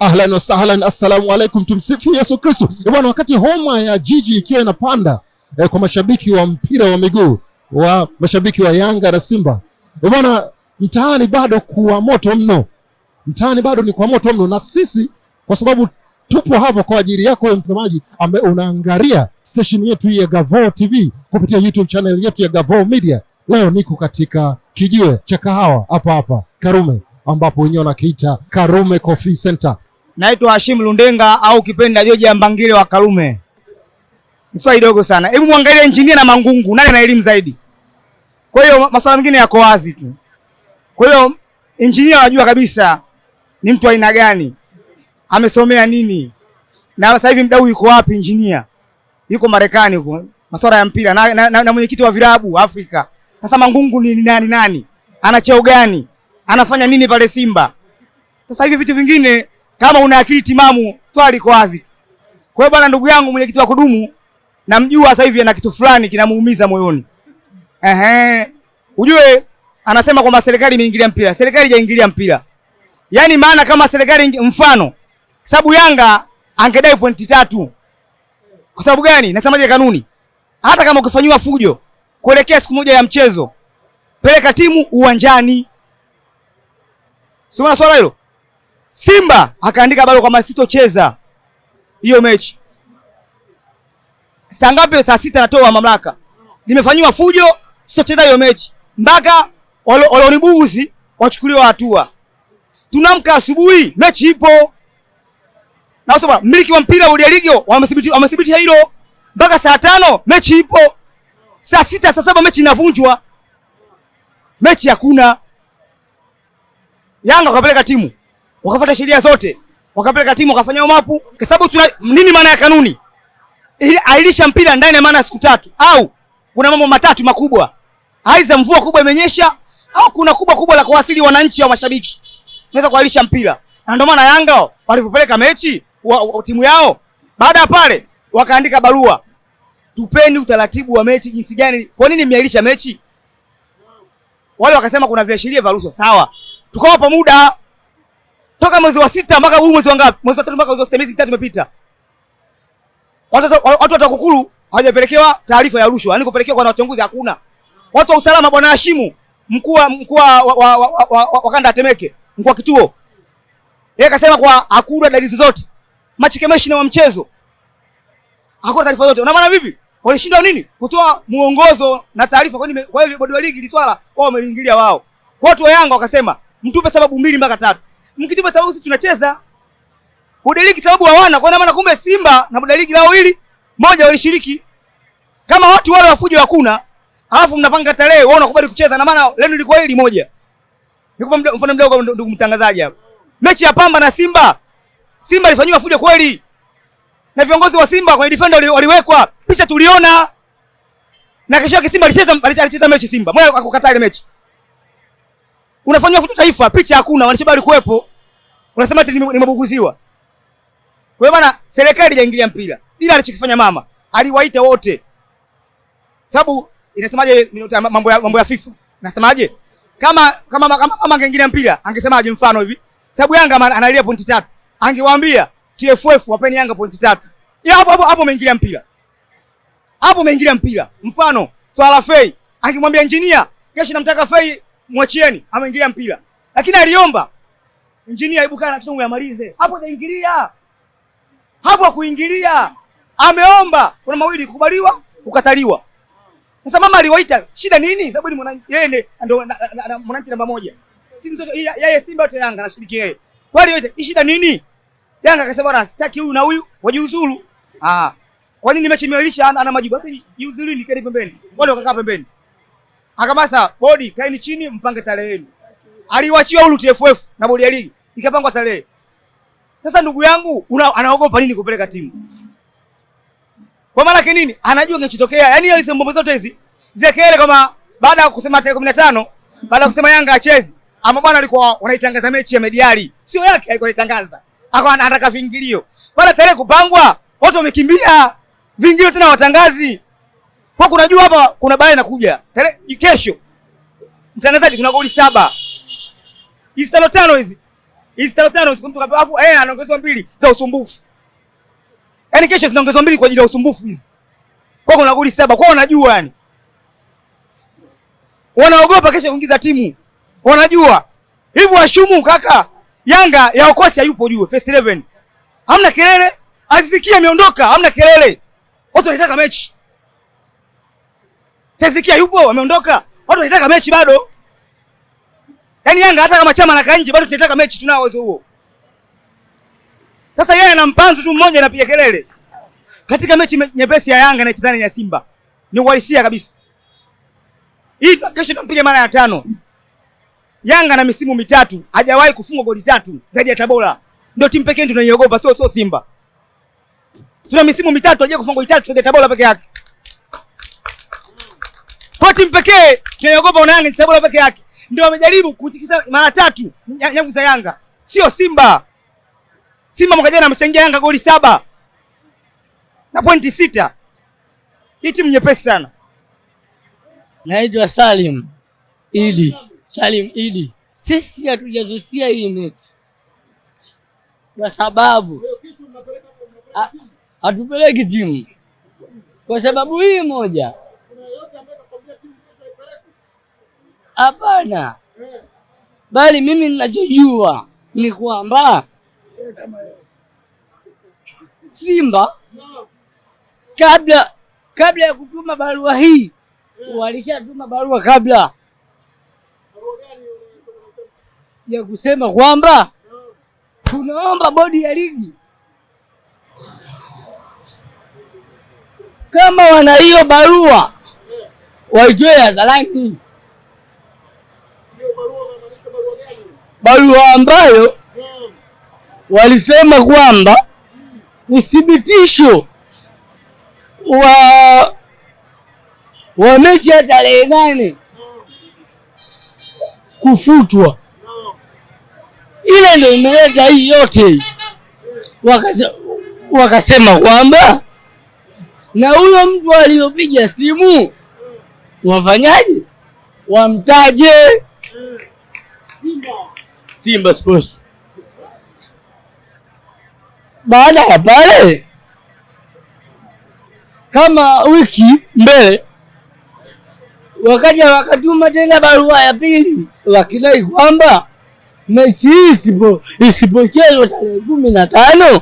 Ahlan wasahlan, assalamu alaikum, tumsifu Yesu Kristu. E bwana, wakati homa ya jiji ikiwa inapanda e, kwa mashabiki wa mpira wa miguu wa mashabiki wa Yanga na Simba e bwana, mtaani bado kuwa moto mno, mtaani bado ni kwa moto mno, na sisi kwa sababu tupo hapo kwa ajili yako wewe mtazamaji ambaye unaangalia station yetu hii ya Gavoo TV kupitia YouTube channel yetu ya Gavoo Media. Leo niko katika kijiwe cha kahawa hapa hapa Karume, ambapo wenyewe wanakiita Karume Coffee Center naitwa Hashim Lundenga au kipenda Joja Mbangile wa Karume. Ni swali dogo sana. Hebu muangalie injinia na Mangungu, nani ana elimu zaidi? Kwa hiyo masuala mengine yako wazi tu. Kwa hiyo injinia anajua kabisa ni mtu aina gani, amesomea nini, na sasa hivi mdau yuko wapi? Injinia yuko Marekani huko, masuala ya mpira na, na, na, na mwenyekiti wa vilabu Afrika. Sasa Mangungu ni nani? Nani ana cheo gani? Anafanya nini pale Simba? Sasa hivi vitu vingine kama una akili timamu, swali liko wazi. Kwa hiyo bwana, ndugu yangu mwenyekiti wa kudumu, namjua sasa hivi ana kitu fulani kinamuumiza moyoni. Ehe, ujue anasema kwamba serikali imeingilia mpira. Serikali haijaingilia mpira, yaani maana kama serikali, mfano sababu Yanga angedai pointi tatu. Kwa sababu gani? Nasemaje kanuni, hata kama ukifanyiwa fujo kuelekea siku moja ya mchezo, peleka timu uwanjani. Siona swala hilo Simba akaandika bado kwamba sitocheza hiyo mechi. Saa ngapi? Saa sita natoa mamlaka, nimefanyiwa fujo, sitocheza hiyo mechi mpaka walionibuguzi wachukuliwa hatua. Tunamka asubuhi, mechi ipo na mmiliki wa mpira bodi ya ligi wamethibitisha hilo, mpaka saa tano mechi ipo, saa sita saa saba mechi inavunjwa, mechi hakuna. Yanga kapeleka timu wakafuata sheria zote, wakapeleka timu wakafanya mapu, kwa sababu tuna nini? Maana ya kanuni ili ailisha mpira ndani ya maana siku tatu, au kuna mambo matatu makubwa, aidha mvua kubwa imenyesha, au kuna kubwa kubwa la kuwasili wananchi au mashabiki, naweza kuailisha mpira. Na ndio maana Yanga walipopeleka mechi wa, wa, timu yao, baada ya pale wakaandika barua, tupeni utaratibu wa mechi jinsi gani, kwa nini mmeailisha mechi? Wale wakasema kuna viashiria vya rushwa, sawa, tukawapa muda toka mwezi wa sita mpaka huu mwezi wa ngapi? Mwezi wa tatu mpaka mwezi wa sita, miezi mitatu imepita. Watu watu wa TAKUKURU hawajapelekewa taarifa ya rushwa, yaani kupelekewa kwa wachunguzi hakuna. Watu wa usalama bwana Hashimu, mkuu wa mkuu wa, wa, wa, wa, wa kanda Temeke, mkuu wa kituo, yeye akasema kwa hakuna dalili zote, zozote. Machikemeshina wa mchezo hakuna taarifa zote. Una maana vipi? Walishindwa nini kutoa muongozo na taarifa? Kwa hiyo bodi wa ligi ni swala wao wameingilia wao. Kwa watu wa Yanga wakasema mtupe sababu mbili mpaka tatu mkitupa cha usi tunacheza Buda sababu hawana kwa maana, kumbe Simba na Buda Ligi lao hili moja walishiriki kama watu wale wafuje hakuna, alafu mnapanga tarehe wao unakubali kucheza, na maana leo ilikuwa hili moja. Nikupa mfano mdogo, ndugu mtangazaji, hapa mechi ya Pamba na Simba, Simba ilifanywa fujo kweli, na viongozi wa Simba kwa defender waliwekwa picha, tuliona na kesho yake Simba alicheza, alicheza mechi Simba, mbona akakataa ile mechi? unafanywa fujo taifa, picha hakuna, wanashabari kuwepo, unasema ati nimebuguziwa. Kwa hiyo bana, serikali hajaingilia mpira, ila alichokifanya mama aliwaita wote, sababu inasemaje, mambo ya mambo ya FIFA nasemaje, kama kama kama mama angeingilia mpira angesemaje? Mfano hivi, sababu Yanga analia pointi tatu, angewaambia TFF wapeni Yanga pointi tatu. Ya hapo hapo hapo umeingilia mpira, hapo umeingilia mpira. Mfano swala Fei angemwambia engineer, kesho namtaka Fei mwachieni, ameingilia mpira, lakini aliomba injinia Ibukana Kisongo yamalize hapo, ataingilia hapo, akuingilia ameomba. Kuna mawili, kukubaliwa, kukataliwa. Sasa mama aliwaita, shida nini? Sababu ni mwananchi, yeye ndo mwananchi namba moja, yeye Simba yote Yanga nashiriki yeye, kwa hiyo yote shida nini? Yanga akasema bwana, sitaki huyu na huyu wajiuzuru. Ah, kwa nini mechi imeilisha? Ana majibu sasa, jiuzuru, ni kile pembeni, wale wakakaa pembeni. Akamasa bodi, kaini chini mpange tarehe yenu. Aliwachia huru TFF na bodi ya ligi ikapangwa tarehe. Sasa ndugu yangu anaogopa nini kupeleka timu? Kwa maana yake nini? Anajua kinachotokea. Yaani hizo ya sembombo zote hizi zile kelele kama baada ya kusema tarehe 15, baada ya kusema Yanga acheze, ama bwana alikuwa wanaitangaza mechi ya Mediali. Sio yake alikuwa anaitangaza. Akawa anataka vingilio. Baada tarehe kupangwa, watu wamekimbia. Vingilio tena watangazi. Kwa kuna jua hapa kuna bale inakuja. Kesho. Mtangazaji kuna goli saba. Hizi tano tano hizi. Hizi tano tano hizi mtu alafu eh, anaongezwa mbili za usumbufu. Yaani kesho zinaongezwa mbili kwa ajili ya usumbufu hizi. Kwa kuna goli saba. Kwa unajua yani. Wanaogopa kesho kuingiza timu. Wanajua. Hivi washumu kaka. Yanga ya wakosi hayupo juu first 11. Hamna kelele. Azisikia ameondoka, hamna kelele. Watu wanataka mechi. Sezikia yupo, wameondoka. Watu wanataka mechi bado. Yaani Yanga hata kama chama na kanji bado tunataka mechi, tunao uwezo huo. Sasa yeye ana mpanzu tu mmoja anapiga kelele. Katika mechi nyepesi ya Yanga na chezani ya Simba. Ni uhalisia kabisa. Hii kesho tumpige mara ya tano. Yanga na misimu mitatu hajawahi kufungwa goli tatu zaidi ya Tabora. Ndio timu pekee tunaiogopa, sio sio Simba. Tuna misimu mitatu hajawahi kufungwa goli tatu zaidi ya Tabora peke yake. Kwa timu pekee tunayogopa unani Yanga ni Tabora peke yake. Ndio wamejaribu kutikisa mara tatu nyavu za Yanga. Sio Simba. Simba mwaka jana amechangia Yanga goli saba na pointi sita. Hii timu nyepesi sana. Naitwa Salim Idi. Salim Idi. Sisi hatujazusia hii mechi kwa sababu hatupeleki timu kwa sababu hii moja Hapana, bali mimi ninachojua ni kwamba Simba kabla kabla ya kutuma barua hii walishatuma barua kabla ya kusema kwamba tunaomba bodi ya ligi kama wana hiyo barua waitoe hadharani barua ambayo walisema kwamba uthibitisho wa wa mechi ya tarehe nane kufutwa, ile ndio imeleta hii yote hii. wakasema kwamba na huyo mtu aliyopiga simu wafanyaje, wamtaje. Simba, Simba Sports. Baada ya pale kama wiki mbele wakaja wakatuma tena barua ya pili wakidai kwamba mechi hii isipo isipochezwa tarehe kumi na tano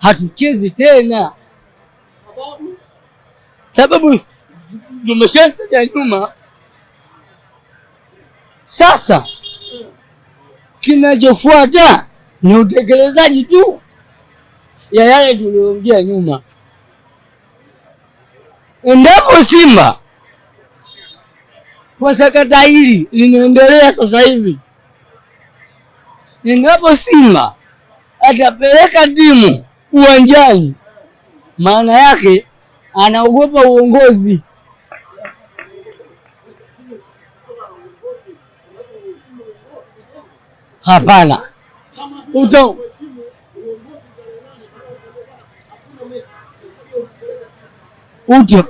hatuchezi tena, sababu sababu ya nyuma sasa kinachofuata ni utekelezaji tu ya yale tuliyoongea nyuma. Endapo Simba kwa sakata hili linaendelea sasa hivi, endapo Simba atapeleka timu uwanjani, maana yake anaogopa uongozi. Hapana, uto uta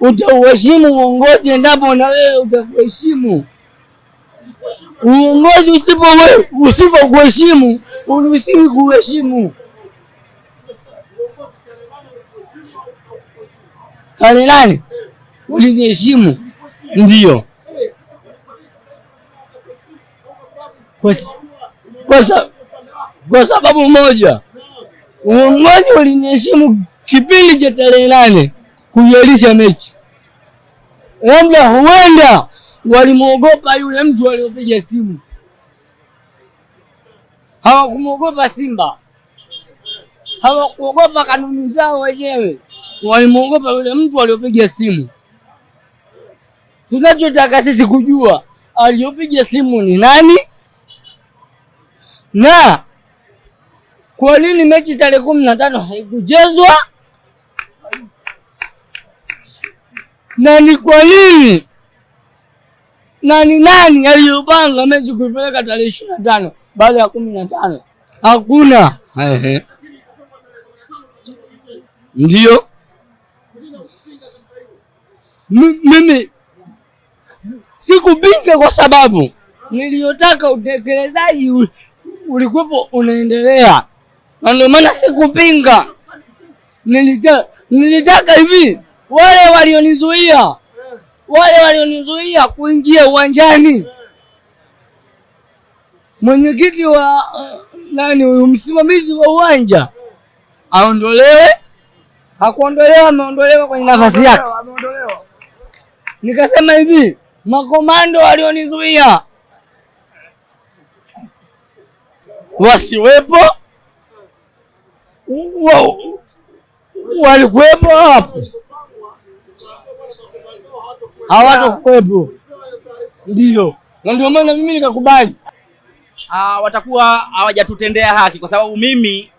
utauheshimu uongozi endapo na wewe utakuheshimu uongozi. Usipo usipokuheshimu uruhusiwi kuheshimu. Tarehe nane uliniheshimu, ndio. kwa sababu moja, uongozi uliniheshimu kipindi cha tarehe nane kuiahirisha mechi, labda huenda walimwogopa yule mtu aliopiga simu, hawakumwogopa Simba, hawakuogopa kanuni zao wenyewe, walimwogopa yule mtu aliopiga simu. Tunachotaka sisi kujua aliyopiga simu ni nani? na kwa nini mechi tarehe kumi na tano haikuchezwa na ni kwa nini na ni nani aliyopanga mechi kuipeleka tarehe ishirini na tano baada ya kumi na tano hakuna ndio mimi sikupinga kwa sababu niliyotaka utekelezaji ulikuwepo unaendelea, na ndio maana sikupinga. Nilitaka nilitaka hivi wale walionizuia wale walionizuia kuingia uwanjani, mwenyekiti wa nani huyu, msimamizi wa uwanja aondolewe. Hakuondolewa, ameondolewa kwenye nafasi yake. Nikasema hivi, makomando walionizuia wasiwepo, walikuwepo hapo, hawatokuwepo Ndio, na ndio maana mimi nikakubali. Ah, watakuwa hawajatutendea haki, kwa sababu mimi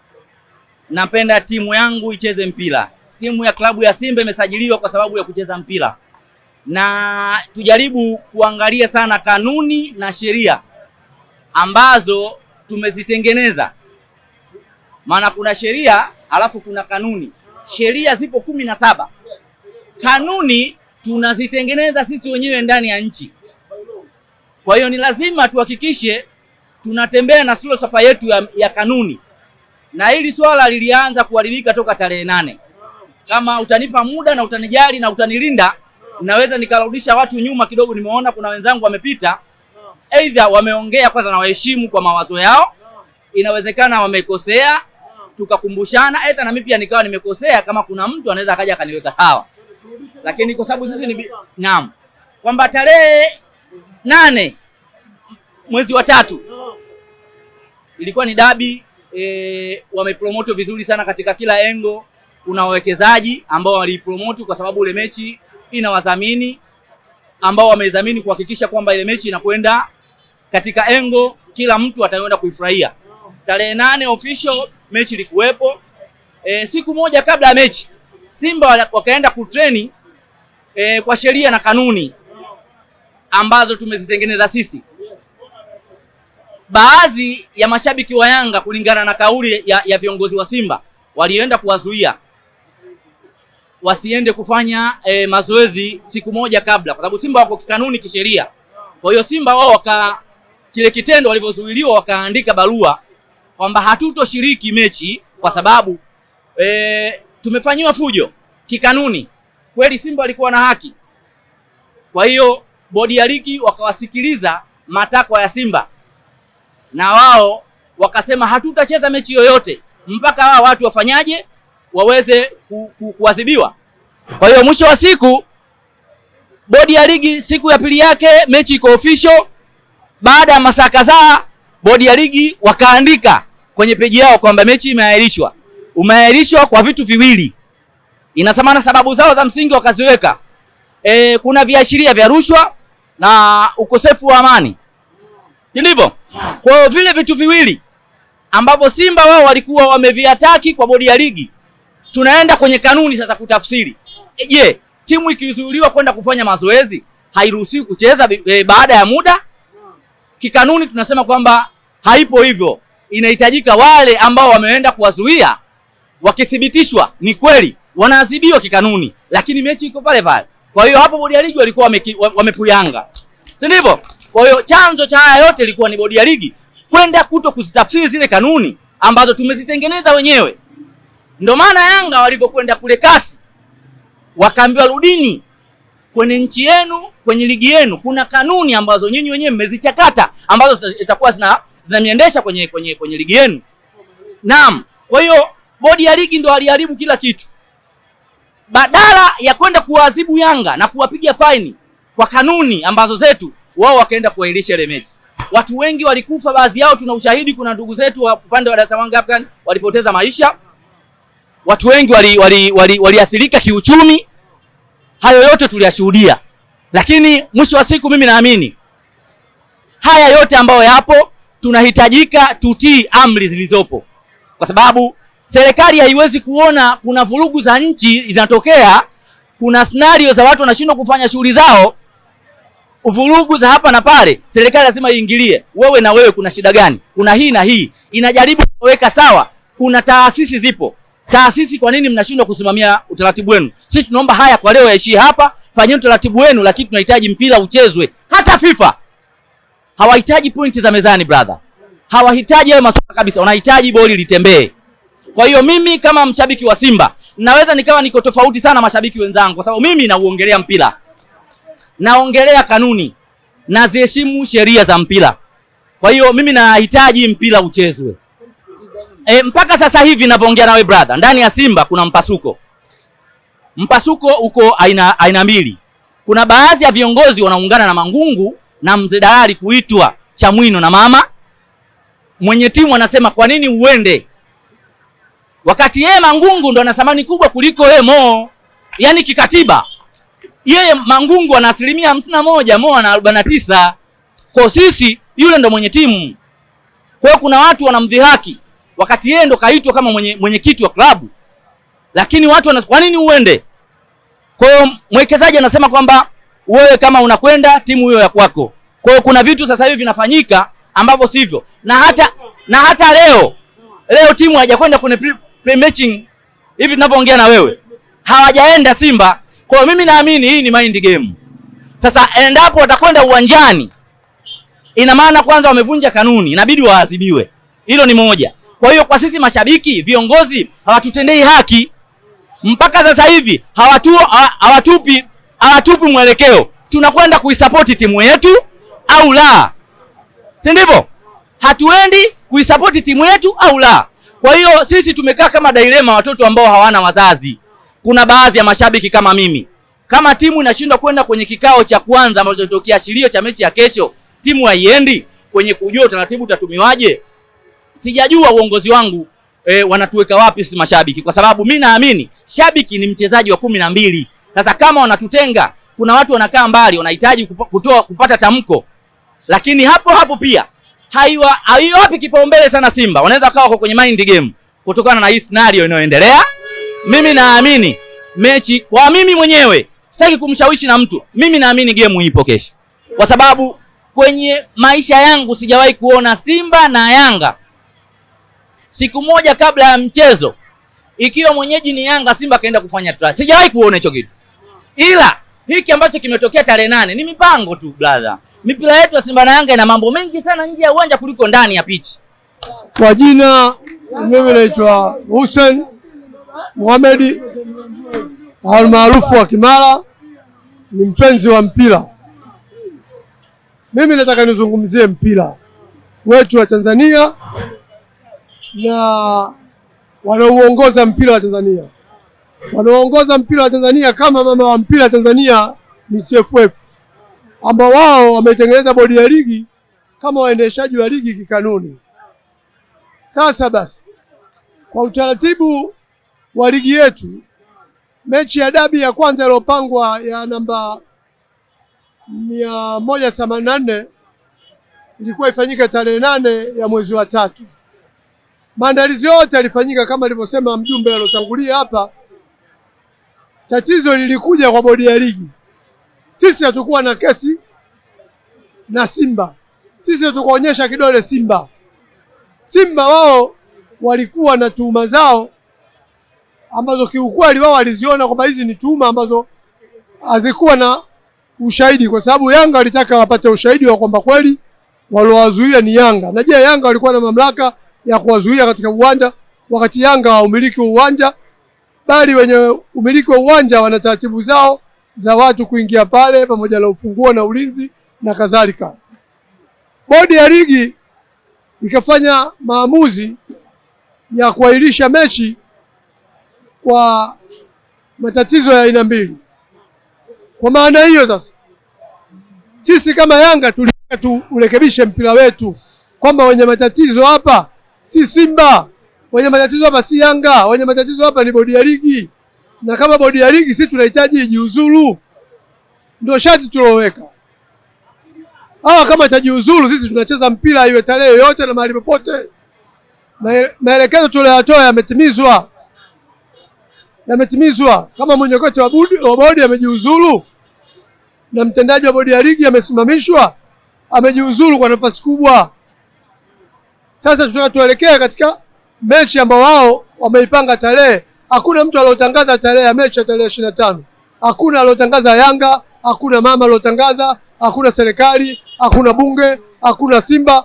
napenda timu yangu icheze mpira. Timu ya klabu ya Simba imesajiliwa kwa sababu ya kucheza mpira, na tujaribu kuangalia sana kanuni na sheria ambazo tumezitengeneza, maana kuna sheria alafu kuna kanuni. Sheria zipo kumi na saba, kanuni tunazitengeneza sisi wenyewe ndani ya nchi. Kwa hiyo ni lazima tuhakikishe tunatembea na silosafa yetu ya, ya kanuni, na hili swala lilianza kuharibika toka tarehe nane. Kama utanipa muda na utanijali na utanilinda, naweza nikarudisha watu nyuma kidogo. Nimeona kuna wenzangu wamepita aidha wameongea kwanza, na waheshimu kwa mawazo yao, inawezekana wamekosea, tukakumbushana, aidha na mimi pia nikawa nimekosea, kama kuna mtu anaweza akaja akaniweka sawa, lakini kwa sababu sisi ni naam, kwamba tarehe nane mwezi wa tatu ilikuwa ni dabi e, wamepromote vizuri sana katika kila engo. Kuna wawekezaji ambao walipromote kwa sababu ile mechi ina wadhamini ambao wamedhamini kuhakikisha kwamba ile mechi inakwenda katika engo, kila mtu ataenda kuifurahia. Tarehe nane official mechi ilikuwepo. E, siku moja kabla ya mechi Simba wakaenda kutreni e, kwa sheria na kanuni ambazo tumezitengeneza sisi. Baadhi ya mashabiki wa Yanga kulingana na kauli ya, ya viongozi wa Simba walienda kuwazuia wasiende kufanya e, mazoezi siku moja kabla, kwa sababu Simba wako kikanuni kisheria. Kwa hiyo Simba wao waka kile kitendo walivyozuiliwa, wakaandika barua kwamba hatutoshiriki mechi kwa sababu e, tumefanyiwa fujo kikanuni. Kweli Simba walikuwa na haki. Kwa hiyo bodi ya ligi wakawasikiliza matakwa ya Simba na wao wakasema hatutacheza mechi yoyote mpaka wao watu wafanyaje, waweze kuadhibiwa. Kwa hiyo mwisho wa siku bodi ya ligi siku ya pili yake mechi iko official baada ya masaa kadhaa, bodi ya ligi wakaandika kwenye peji yao kwamba mechi imeahirishwa. Umeahirishwa kwa vitu viwili, inasemana sababu zao za msingi wakaziweka. E, kuna viashiria vya rushwa na ukosefu wa amani, ndivyo. Kwa vile vitu viwili ambavyo Simba wao walikuwa wameviataki kwa bodi ya ligi, tunaenda kwenye kanuni sasa kutafsiri. E, je, timu ikizuiliwa kwenda kufanya mazoezi hairuhusiwi kucheza e, baada ya muda kikanuni tunasema kwamba haipo hivyo. Inahitajika wale ambao wameenda kuwazuia wakithibitishwa ni kweli wanaadhibiwa kikanuni, lakini mechi iko pale pale. Kwa hiyo hapo bodi ya ligi walikuwa wamepuyanga, si ndivyo? Kwa hiyo chanzo cha haya yote ilikuwa ni bodi ya ligi kwenda kuto kuzitafsiri zile kanuni ambazo tumezitengeneza wenyewe. Ndio maana Yanga walivyokwenda kule kasi, wakaambiwa rudini kwenye nchi yenu, kwenye ligi yenu kuna kanuni ambazo nyinyi wenyewe mmezichakata ambazo itakuwa zina zinamiendesha kwenye kwenye kwenye ligi yenu. Naam, kwa hiyo bodi ya ligi ndo aliharibu kila kitu, badala ya kwenda kuwaadhibu Yanga na kuwapiga faini kwa kanuni ambazo zetu, wao wakaenda kuahirisha ile mechi. Watu wengi walikufa, baadhi yao tuna ushahidi. Kuna ndugu zetu wa upande wa Dar es Salaam African walipoteza maisha, watu wengi waliathirika wali, wali, wali kiuchumi Hayo yote tuliyashuhudia, lakini mwisho wa siku mimi naamini haya yote ambayo yapo, tunahitajika tutii amri zilizopo, kwa sababu serikali haiwezi kuona kuna vurugu za nchi zinatokea, kuna scenario za watu wanashindwa kufanya shughuli zao, vurugu za hapa na pale. Serikali lazima iingilie, wewe na wewe, kuna shida gani? Kuna hii na hii, inajaribu kuweka sawa. Kuna taasisi zipo Taasisi, kwa nini mnashindwa kusimamia utaratibu wenu? Sisi tunaomba haya kwa leo yaishie hapa. Fanyeni utaratibu wenu, lakini tunahitaji mpira uchezwe. Hata FIFA hawahitaji pointi za mezani brother, hawahitaji hayo masuala kabisa, wanahitaji boli litembee. Kwa hiyo mimi kama mshabiki wa Simba naweza nikawa niko tofauti sana mashabiki wenzangu, kwa sababu mimi nauongelea mpira, naongelea kanuni, naziheshimu sheria za mpira. Kwa hiyo mimi nahitaji mpira uchezwe. E, mpaka sasa hivi ninavyoongea nawe brother, ndani ya Simba kuna mpasuko. Mpasuko uko aina aina mbili. Kuna baadhi ya viongozi wanaungana na Mangungu na mzee Dalali kuitwa Chamwino na mama mwenye timu anasema kwa nini uende, wakati yeye Mangungu ndo ana thamani kubwa kuliko yeye Mo. Yaani kikatiba yeye Mangungu ana asilimia hamsini na moja, Mo ana arobaini na tisa. Kwa sisi yule ndo mwenye timu. Kwa hiyo kuna watu wanamdhihaki wakati yeye ndo kaitwa kama mwenye mwenyekiti wa klabu, lakini watu wana kwa nini uende? Kwa hiyo mwekezaji anasema kwamba wewe kama unakwenda timu hiyo ya kwako. Kwa hiyo kuna vitu sasa hivi vinafanyika ambavyo sivyo, na hata na hata leo leo timu haijakwenda kwenye pre, matching pre hivi tunavyoongea na wewe, hawajaenda Simba. Kwa hiyo mimi naamini hii ni mind game. Sasa endapo watakwenda uwanjani, ina maana kwanza wamevunja kanuni, inabidi waadhibiwe. Hilo ni moja. Kwa hiyo kwa sisi mashabiki, viongozi hawatutendei haki mpaka sasa hivi hawatu, hawatupi, hawatupi mwelekeo tunakwenda kuisapoti timu yetu au la, si ndivyo? Hatuendi kuisapoti timu yetu au la. Kwa hiyo sisi tumekaa kama dilema, watoto ambao hawana wazazi. Kuna baadhi ya mashabiki kama mimi, kama timu inashindwa kwenda kwenye kikao cha kwanza ambacho kiashirio cha mechi ya kesho, timu haiendi kwenye kujua utaratibu utatumiwaje sijajua uongozi wangu e, wanatuweka wapi sisi mashabiki, kwa sababu mi naamini shabiki ni mchezaji wa kumi na mbili. Sasa kama wanatutenga, kuna watu wanakaa mbali, wanahitaji kutoa kupata tamko, lakini hapo hapo pia haiwa haiwapi kipaumbele sana Simba, wanaweza kawa wako kwenye mind game kutokana na hii scenario inayoendelea. Mimi naamini mechi, kwa mimi mwenyewe sitaki kumshawishi na mtu, mimi naamini game ipo kesho, kwa sababu kwenye maisha yangu sijawahi kuona Simba na Yanga siku moja kabla ya mchezo, ikiwa mwenyeji ni Yanga, Simba kaenda kufanya trial. Sijawahi kuona hicho kitu, ila hiki ambacho kimetokea tarehe nane ni mipango tu brother. Mipira yetu ya Simba na Yanga ina mambo mengi sana nje ya uwanja kuliko ndani ya pitch. Kwa jina mimi naitwa Hussein Mohamed almaarufu wa Kimara, ni mpenzi wa mpira. Mimi nataka nizungumzie mpira wetu wa Tanzania na wanaoongoza mpira wa Tanzania. Wanaoongoza mpira wa Tanzania kama mama wa mpira Tanzania ni TFF, ambao wao wametengeneza bodi ya ligi kama waendeshaji wa ligi kikanuni. Sasa basi, kwa utaratibu wa ligi yetu, mechi ya dabi ya kwanza iliyopangwa ya namba mia moja themanini na nne ilikuwa ifanyike tarehe nane ya mwezi wa tatu. Maandalizi yote yalifanyika kama alivyosema mjumbe alotangulia hapa. Tatizo lilikuja kwa bodi ya ligi. Sisi hatukuwa na kesi na Simba, sisi hatukuonyesha kidole Simba. Simba wao walikuwa na tuhuma zao ambazo kiukweli wao waliziona kwamba hizi ni tuhuma ambazo hazikuwa na ushahidi, kwa sababu Yanga walitaka wapate ushahidi wa kwamba kweli waliowazuia ni Yanga. Na je, Yanga walikuwa na mamlaka ya kuwazuia katika uwanja, wakati Yanga haumiliki uwanja, bali wenye umiliki wa uwanja wana taratibu zao za watu kuingia pale, pamoja na ufunguo na ulinzi na kadhalika. Bodi ya ligi ikafanya maamuzi ya kuahirisha mechi kwa matatizo ya aina mbili. Kwa maana hiyo sasa, sisi kama Yanga tulitaka urekebishe mpira wetu kwamba wenye matatizo hapa si Simba wenye matatizo hapa, si Yanga wenye matatizo hapa, ni bodi ya ligi. Na kama bodi ya ligi sisi tunahitaji ijiuzuru, ndio shati tuloweka Hawa kama itajiuzuru, sisi tunacheza mpira, iwe tarehe yoyote na mahali popote. Maelekezo tuliyatoa yametimizwa, yametimizwa. Kama mwenyekiti wa bodi amejiuzuru na mtendaji wa bodi ya ligi amesimamishwa, amejiuzuru kwa nafasi kubwa. Sasa tunataka tuelekea katika mechi ambao wao wameipanga tarehe. Hakuna mtu aliotangaza tarehe ya mechi ya tarehe ishirini na tano. Hakuna aliotangaza Yanga, hakuna mama aliotangaza, hakuna serikali, hakuna bunge, hakuna Simba,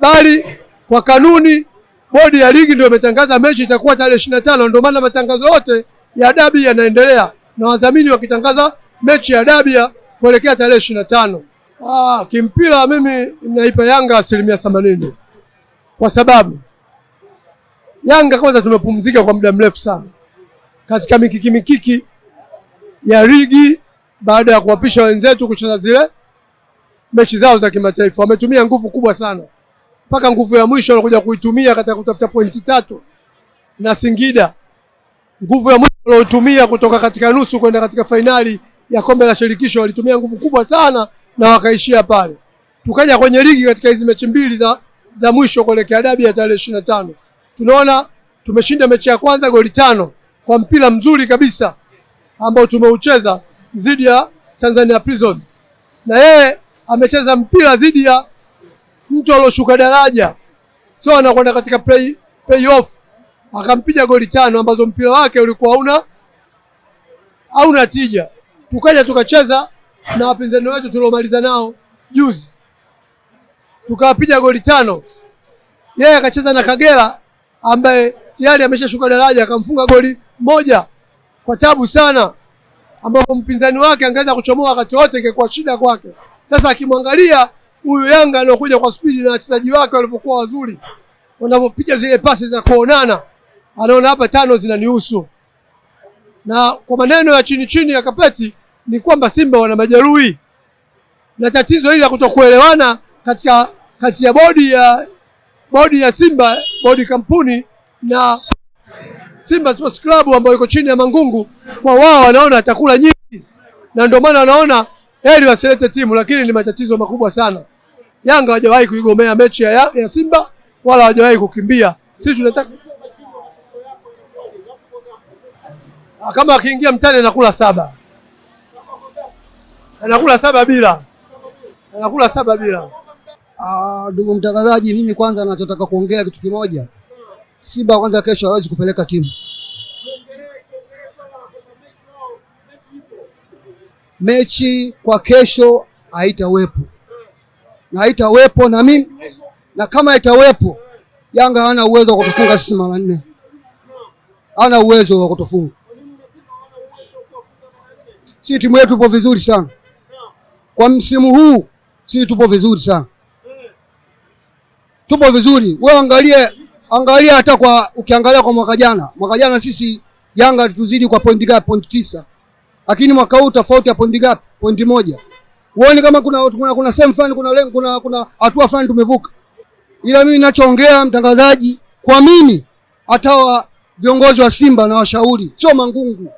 bali kwa kanuni bodi ya ligi ndio imetangaza mechi itakuwa tarehe ishirini na tano. Ndio maana matangazo yote ya dabi yanaendelea na wadhamini wakitangaza mechi ya dabi ya kuelekea tarehe ishirini na tano. Ah, kimpira mimi naipa Yanga asilimia themanini kwa sababu Yanga kwanza tumepumzika kwa muda mrefu sana katika mikiki mikiki ya ligi, baada ya kuwapisha wenzetu kucheza zile mechi zao za kimataifa. Wametumia nguvu kubwa sana, mpaka nguvu ya mwisho walikuja kuitumia katika kutafuta pointi tatu na Singida. Nguvu ya mwisho waliotumia kutoka katika nusu kwenda katika fainali ya kombe la shirikisho, walitumia nguvu kubwa sana na wakaishia pale. Tukaja kwenye ligi katika hizi mechi mbili za za mwisho kuelekea dabi ya tarehe ishirini na tano. Tunaona tumeshinda mechi ya kwanza goli tano kwa mpira mzuri kabisa ambao tumeucheza dhidi ya Tanzania Prisons, na yeye amecheza mpira dhidi ya mtu aliyoshuka daraja, sio anakwenda katika play, play off akampiga goli tano ambazo mpira wake ulikuwa hauna hauna tija. Tukaja tukacheza na wapinzani wetu tuliomaliza nao juzi tukawapiga goli tano, yeye akacheza na Kagera ambaye tayari ameshashuka daraja, akamfunga goli moja kwa tabu sana, ambapo mpinzani wake angeweza kuchomoa wakati wote, ingekuwa shida kwake. Sasa akimwangalia huyu Yanga anaokuja kwa spidi na wachezaji wake walivyokuwa wazuri, wanavyopiga zile pasi za kuonana, anaona hapa tano zinanihusu. Na kwa maneno ya chini chini ya kapeti ni kwamba Simba wana majeruhi na tatizo hili la kutokuelewana katika kati ya bodi ya bodi ya Simba, bodi kampuni na Simba Sports Club ambayo iko chini ya Mangungu, kwa wao wanaona chakula nyingi, na ndio maana wanaona heri wasilete timu, lakini ni matatizo makubwa sana. Yanga hawajawahi kuigomea mechi ya, ya Simba wala hawajawahi kukimbia. Sisi tunataka ah, kama akiingia mtani anakula saba, anakula saba bila, anakula saba bila. Ah, ndugu mtangazaji, mimi kwanza nachotaka kuongea kitu kimoja. Simba kwanza kesho hawezi kupeleka timu mechi kwa kesho haitawepo na haitawepo na mimi na kama haitawepo, Yanga hana uwezo wa kutufunga sisi mara nne, hana uwezo wa kutufunga sisi. Timu yetu ipo vizuri sana kwa msimu huu, sisi tupo vizuri sana tupo vizuri. Wewe angalie angalia hata kwa ukiangalia kwa mwaka jana, mwaka jana sisi Yanga tuzidi kwa pointi gapi? Pointi tisa, lakini mwaka huu tofauti ya pointi gapi? Pointi moja. Uone kama kuna kuna kuna sehemu fulani kuna lengo kuna kuna hatua fulani tumevuka, ila mimi ninachoongea mtangazaji, kwa mimi hata wa viongozi wa Simba na washauri sio mangungu,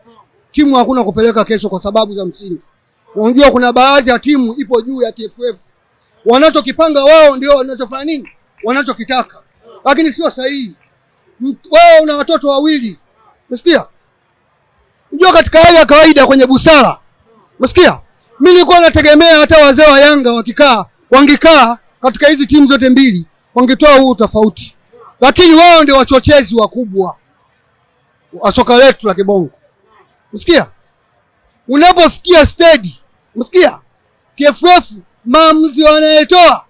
timu hakuna kupeleka kesho kwa sababu za msingi. Unajua kuna baadhi ya timu ipo juu ya TFF, wanachokipanga wao ndio wanachofanya nini wanachokitaka, lakini sio sahihi. Wewe una watoto wawili, umesikia? Unajua, katika hali ya kawaida kwenye busara, umesikia? Mimi nilikuwa nategemea hata wazee wa Yanga wakikaa, wangekaa katika hizi timu zote mbili, wangetoa huu tofauti, lakini wao ndio wachochezi wakubwa wa soka letu la kibongo, umesikia? Unapofikia stedi, umesikia, TFF maamuzi wanayetoa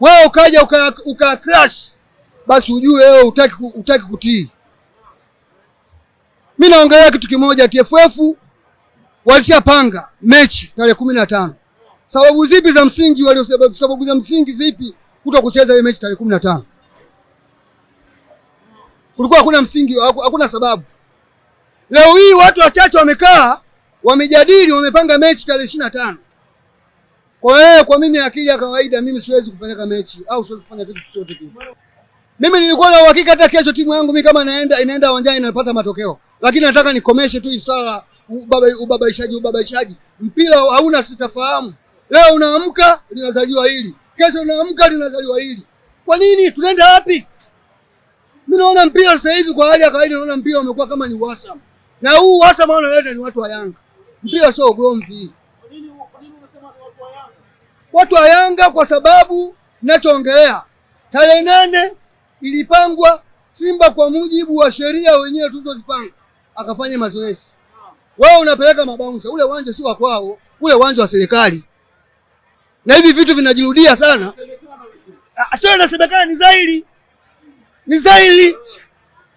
wewe ukaja uka, uka crash basi ujue wewe utaki, utaki kutii. Mi naongelea kitu kimoja, TFF walishapanga mechi tarehe kumi na tano. Sababu zipi za msingi walio, sababu za msingi zipi kuto kucheza hiyo mechi tarehe kumi na tano? Kulikuwa hakuna msingi, hakuna sababu. Leo hii watu wachache wamekaa wamejadili, wamepanga mechi tarehe ishirini na tano. Kwa wewe, kwa mimi akili ya kawaida mimi siwezi kupeleka mechi au siwezi kufanya kitu chochote kile. Mimi nilikuwa na uhakika hata kesho timu yangu mimi kama naenda inaenda uwanjani inapata matokeo. Lakini nataka nikomeshe tu swala ubaba ubabaishaji ubabaishaji. Mpira hauna sitafahamu. Leo unaamka linazaliwa hili. Kesho unaamka linazaliwa hili. Kwa nini tunaenda wapi? Mimi naona mpira sasa hivi kwa hali ya kawaida naona mpira umekuwa kama ni uhasama. Na huu uhasama unaoleta ni watu wa Yanga. Mpira sio ugomvi watu wa Yanga kwa sababu nachoongelea tarehe nane ilipangwa Simba kwa mujibu wa sheria wenyewe tulizozipanga, akafanya mazoezi. Wao unapeleka mabaunsa, ule uwanja si wa kwao, ule uwanja wa serikali, na hivi vitu vinajirudia sana. Ah, ah, sio inasemekana, ni zaili, ni zaili,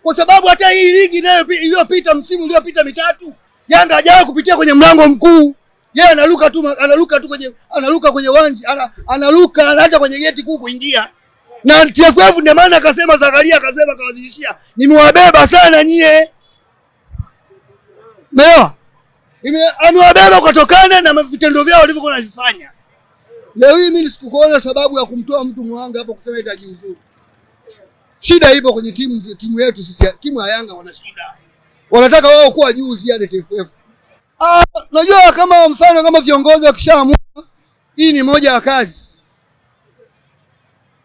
kwa sababu hata hii ligi nayo iliyopita, msimu uliopita mitatu, Yanga hajawahi kupitia kwenye mlango mkuu yeye analuka tu, analuka tu kwenye analuka kwenye wanji ana, analuka anaacha kwenye geti kuu kuingia na TFF. Ndio maana akasema Zakaria akasema kawazishia, nimewabeba sana nyie, umeelewa? Amewabeba kutokana na vitendo vyao walivyokuwa wanavifanya. Leo hii mimi sikukuona sababu ya kumtoa mtu mwanga hapo kusema eti ajiuzuru. Shida ipo kwenye timu timu yetu sisi, timu ya Yanga wana shida, wanataka wao kuwa juu zaidi TFF Ah, najua kama mfano kama viongozi wakishaamua hii ni moja ya kazi,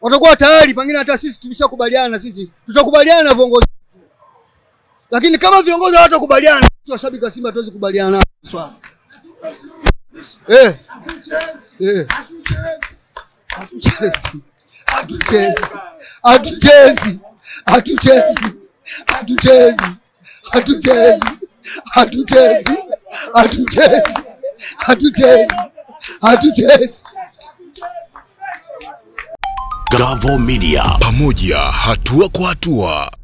watakuwa tayari, pengine hata sisi tumeshakubaliana sisi tutakubaliana na viongozi, lakini kama viongozi hawatakubaliana, sisi washabiki wa Simba hatuwezi kubaliana swala eh, eh, hatuchezi, hatuchezi, hatuchezi, hatuchezi, hatuchezi, hatuchezi hatuchezi, hatuchezi, hatuchezi, hatuchezi. Gavoo Media, pamoja hatua kwa hatua.